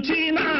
China.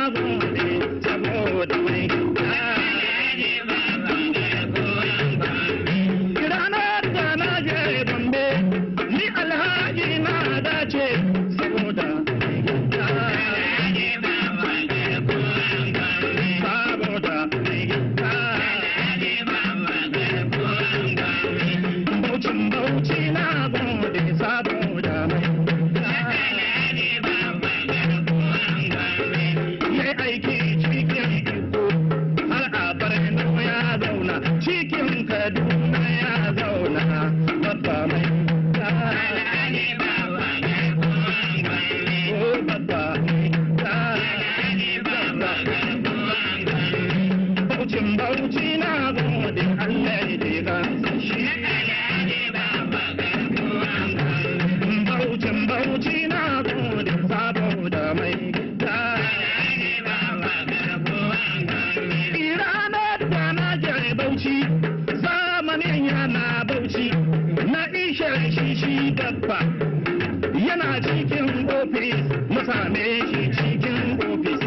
yana cikin ofis mu same shi cikin ofis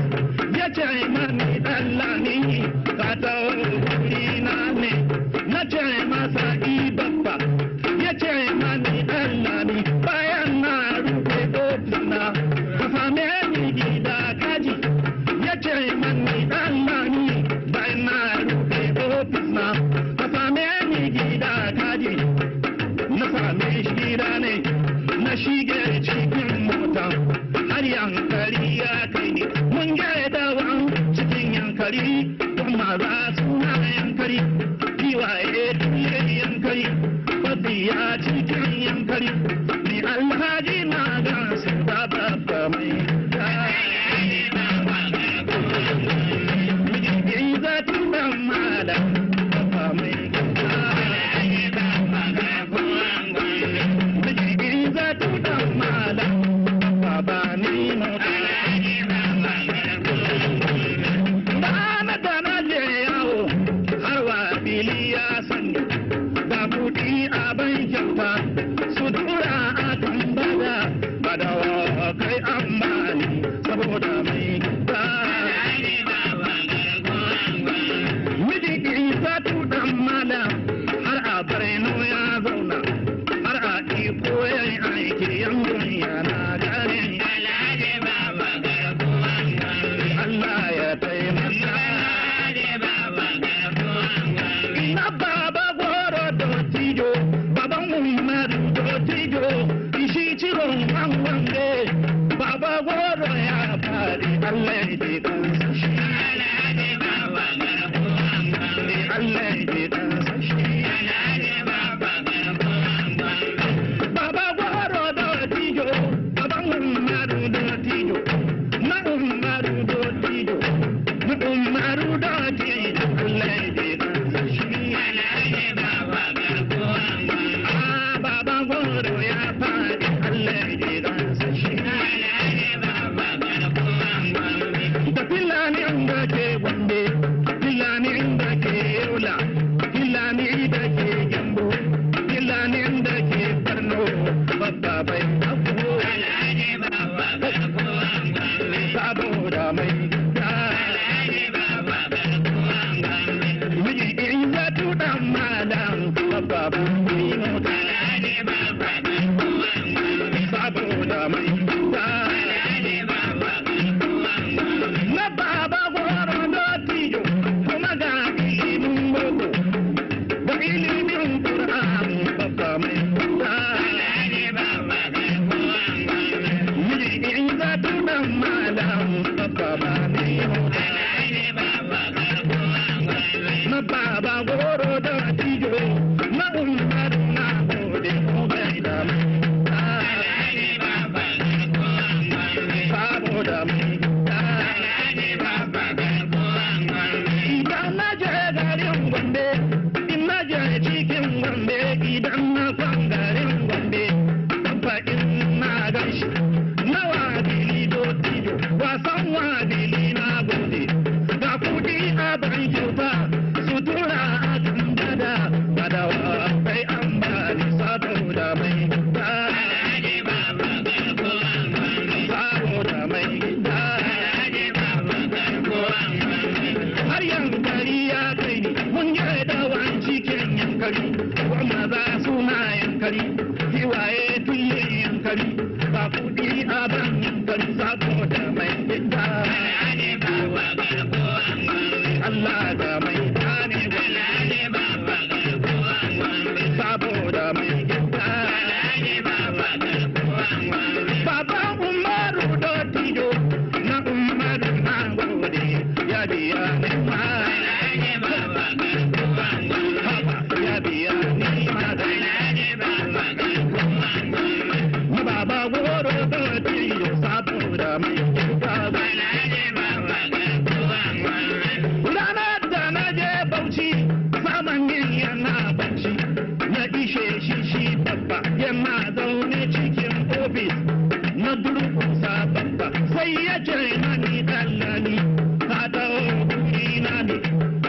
ya ce mana kai cikin mota har yankari ya kai ne mun cikin yankari don suna yankari giwaye hanwande baba goro ya fari Allah ya ji shi Allah ya ji shi Baba goro da tijo Thank you. kuɗi a ban don saboda mai na sai ya ce mani dallani ka dawo kurina ne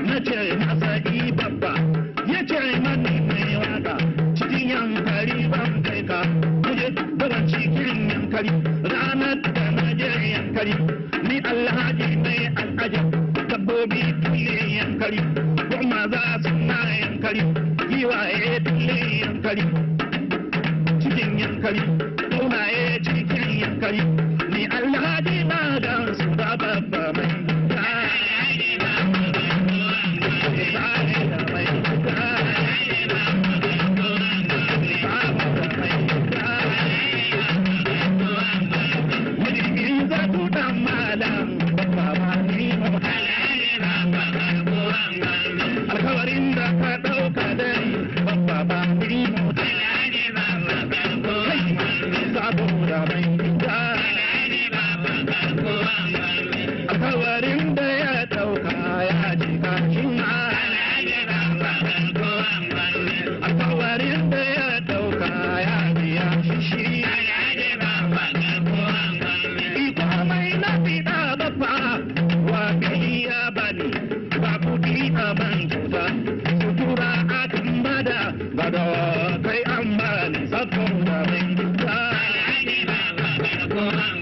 na ce masa i babba ya ce mani mai wada cikin yankari ban kai ka kuje baran cikin yankari ranar da na je yankari ni alhaji mai al'ajab dabbobi kulle yankari goma za su na yankari giwaye kulle yankari cikin yankari ya ce malam baba da malam போறாங்க